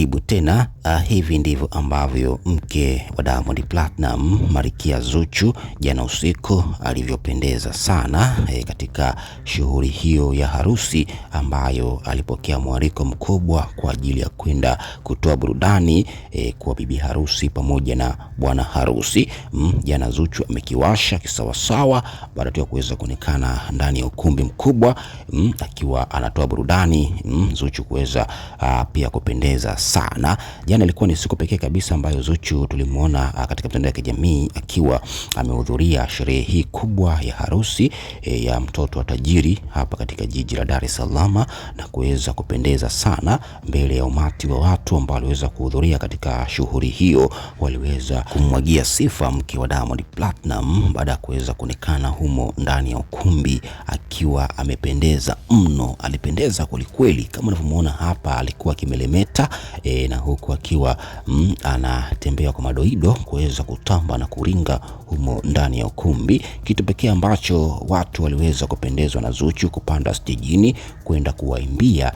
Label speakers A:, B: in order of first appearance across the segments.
A: Karibu tena. Uh, hivi ndivyo ambavyo mke wa Diamond Platinum Marikia Zuchu jana usiku alivyopendeza sana e, katika shughuli hiyo ya harusi ambayo alipokea mwaliko mkubwa kwa ajili ya kwenda kutoa burudani e, kwa bibi harusi pamoja na bwana harusi. Mm, jana Zuchu amekiwasha kisawasawa baada tu ya kuweza kuonekana ndani ya ukumbi mkubwa mm, akiwa anatoa burudani mm, Zuchu kuweza uh, pia kupendeza sana. Jana ilikuwa ni siku pekee kabisa ambayo Zuchu tulimwona ah, katika mitandao ya kijamii akiwa amehudhuria sherehe hii kubwa ya harusi e, ya mtoto wa tajiri hapa katika jiji la Dar es Salaam na kuweza kupendeza sana mbele ya umati wa watu ambao waliweza kuhudhuria katika shughuli hiyo. Waliweza kumwagia sifa mke wa Diamond Platinum baada ya kuweza kuonekana humo ndani ya ukumbi akiwa amependeza mno. Alipendeza kwelikweli, kama unavyomwona hapa, alikuwa akimelemeta e, na huku akiwa mm, anatembea kwa madoido kuweza kutamba na kuringa humo ndani ya ukumbi. Kitu pekee ambacho watu waliweza kupendezwa na Zuchu kupanda stejini kwenda kuwaimbia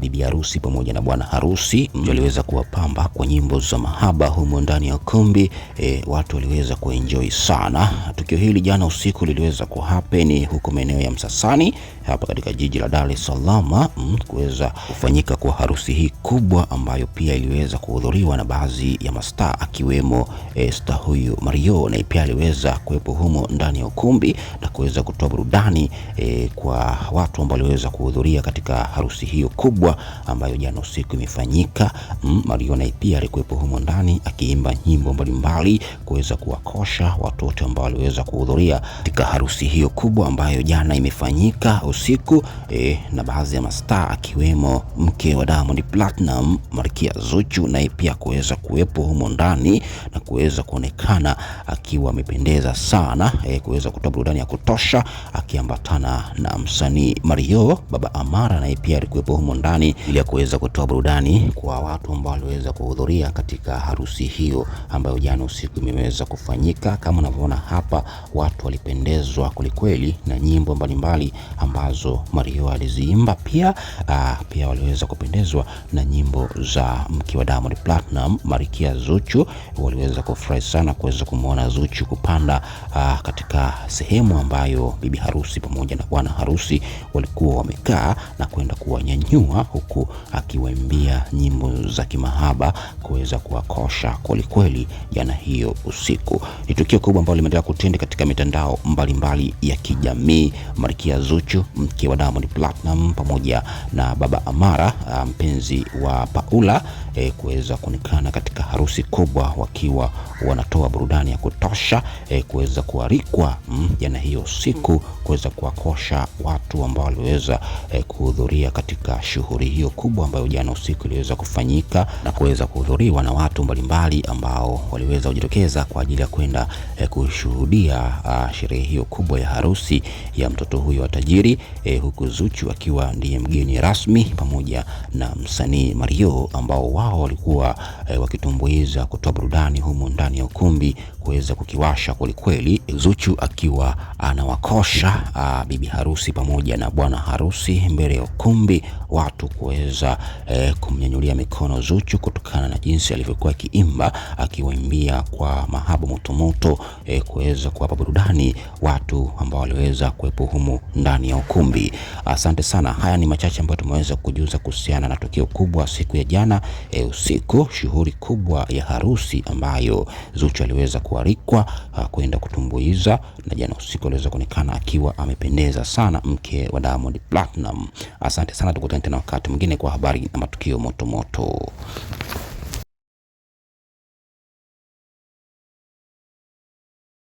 A: bibi harusi pamoja na bwana harusi mm, kuwapamba kwa nyimbo za mahaba humo ndani ya ukumbi e, watu waliweza kuenjoy sana tukio hili. Jana usiku liliweza happen huko maeneo ya Msasani hapa katika jiji la Dar es Salaam mm, kuweza kufanyika kwa harusi hii kubwa ambayo ambayo pia iliweza kuhudhuriwa na baadhi ya mastaa akiwemo e, eh, sta huyu Mario na pia aliweza kuwepo humo ndani ya ukumbi na kuweza kutoa burudani e, kwa watu ambao waliweza kuhudhuria katika harusi hiyo kubwa ambayo jana usiku imefanyika. Mm, Mario na pia alikuwepo humo ndani akiimba nyimbo mbalimbali kuweza kuwakosha watu wote ambao waliweza kuhudhuria katika harusi hiyo kubwa ambayo jana imefanyika usiku e, na baadhi ya mastaa akiwemo mke wa Diamond Platinum Mario Malkia Zuchu naye pia kuweza kuwepo humo ndani na kuweza kuonekana akiwa amependeza sana e, kuweza kutoa burudani ya kutosha akiambatana na msanii Mario Baba Amara naye pia alikuwepo humo ndani ili kuweza kutoa burudani kwa watu ambao waliweza kuhudhuria katika harusi hiyo ambayo jana usiku imeweza kufanyika. Kama unavyoona hapa, watu walipendezwa kwelikweli na nyimbo mbalimbali ambazo Mario aliziimba pia. Aa, ah, pia waliweza kupendezwa na nyimbo za za mke wa Diamond Platinum Marikia Zuchu waliweza kufurahi sana kuweza kumwona Zuchu kupanda uh, katika sehemu ambayo bibi harusi pamoja na bwana harusi walikuwa wamekaa na kwenda kuwanyanyua, huku akiwaimbia nyimbo za kimahaba kuweza kuwakosha kwelikweli jana hiyo usiku. Ni tukio kubwa ambalo limeendelea kutindi katika mitandao mbalimbali mbali ya kijamii. Marikia Zuchu mke wa Diamond Platinum pamoja na baba Amara ah, mpenzi wa Paula ujumla e, kuweza kuonekana katika harusi kubwa wakiwa wanatoa burudani ya kutosha e, kuweza kuarikwa mm, jana mm, hiyo siku kuweza kuwakosha watu ambao waliweza e, kuhudhuria katika shughuli hiyo kubwa ambayo jana usiku iliweza kufanyika na kuweza kuhudhuriwa na watu mbalimbali ambao waliweza kujitokeza kwa ajili ya kwenda e, kushuhudia sherehe hiyo kubwa ya harusi ya mtoto huyo wa tajiri e, huku Zuchu akiwa ndiye mgeni rasmi pamoja na msanii Mario ambao wao walikuwa e, wakitumbuiza kutoa burudani humu ndani ya ukumbi kuweza kukiwasha kwelikweli, Zuchu akiwa anawakosha a, ah, bibi harusi pamoja na bwana harusi mbele ya ukumbi, watu kuweza e, kumnyanyulia mikono Zuchu kutokana na jinsi alivyokuwa akiimba akiwaimbia kwa mahaba motomoto e, eh, kuweza kuwapa burudani watu ambao waliweza kuwepo humu ndani ya ukumbi. Asante sana. Haya ni machache ambayo tumeweza kujuza kuhusiana na tukio kubwa siku ya jana e, usiku, shughuli kubwa ya harusi ambayo Zuchu aliweza kuwa kualikwa ah, kwenda kutumbuiza, na jana usiku aliweza kuonekana akiwa amependeza sana mke wa Diamond Platinum. Asante sana, tukutane tena wakati mwingine kwa habari na matukio moto moto.